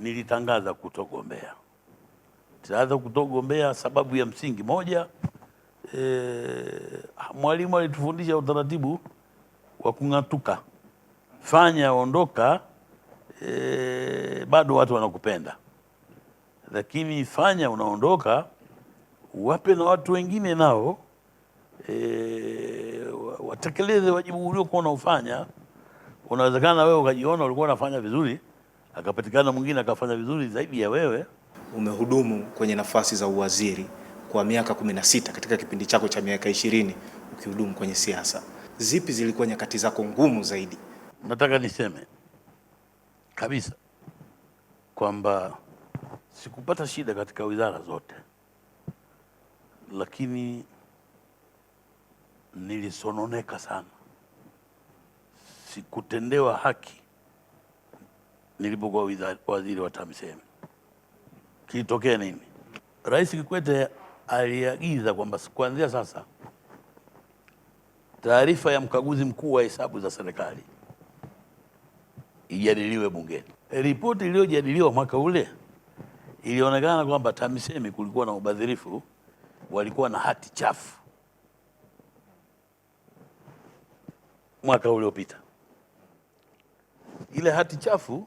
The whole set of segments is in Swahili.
nilitangaza kutogombea. Nilitangaza kutogombea sababu ya msingi moja, e, mwalimu alitufundisha utaratibu wa kung'atuka, fanya ondoka, e, bado watu wanakupenda, lakini fanya unaondoka, wape na watu wengine nao e, watekeleze wajibu uliokuwa unaufanya. Unawezekana wewe ukajiona ulikuwa unafanya vizuri akapatikana mwingine akafanya vizuri zaidi ya wewe. Umehudumu kwenye nafasi za uwaziri kwa miaka 16 katika kipindi chako cha miaka ishirini ukihudumu kwenye siasa, zipi zilikuwa nyakati zako ngumu zaidi? Nataka niseme kabisa kwamba sikupata shida katika wizara zote, lakini nilisononeka sana, sikutendewa haki nilipokuwa waziri wa TAMISEMI. Kilitokea nini? Rais Kikwete aliagiza kwamba kuanzia sasa taarifa ya mkaguzi mkuu wa hesabu za serikali ijadiliwe bungeni. Ripoti iliyojadiliwa mwaka ule ilionekana kwamba TAMISEMI kulikuwa na ubadhirifu, walikuwa na hati chafu mwaka uliopita. Ile hati chafu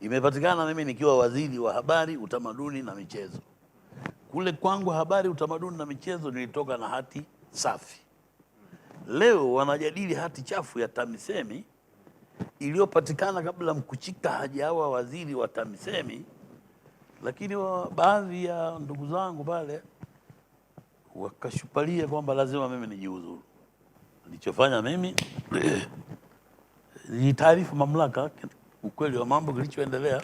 imepatikana mimi nikiwa waziri wa habari, utamaduni na michezo. Kule kwangu habari, utamaduni na michezo nilitoka na hati safi. Leo wanajadili hati chafu ya TAMISEMI iliyopatikana kabla Mkuchika hajawa waziri wa TAMISEMI, lakini baadhi ya ndugu zangu pale wakashupalia kwamba lazima mimi nijiuzuru. Nilichofanya mimi ni taarifu mamlaka ukweli wa mambo kilichoendelea.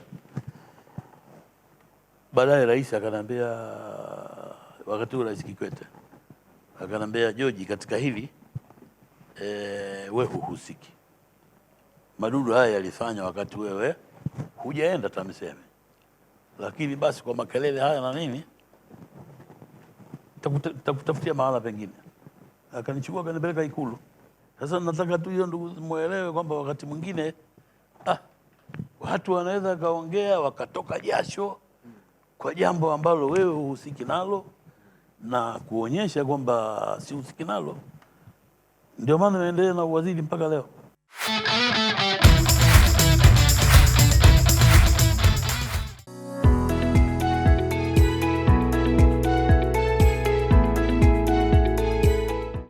Baadaye rais akanambia wakati huo Rais Kikwete akanambia George, katika hili e, we huhusiki. Madudu haya yalifanya wakati wewe hujaenda TAMISEMI, lakini basi kwa makelele haya na nini takutafutia mahala pengine. Akanichukua akanipeleka Ikulu. Sasa nataka tu hiyo, ndugu, mwelewe kwamba wakati mwingine Watu wanaweza kaongea wakatoka jasho kwa jambo ambalo wewe huhusiki nalo na kuonyesha kwamba sihusiki nalo. Ndio maana naendelea na uwaziri mpaka leo.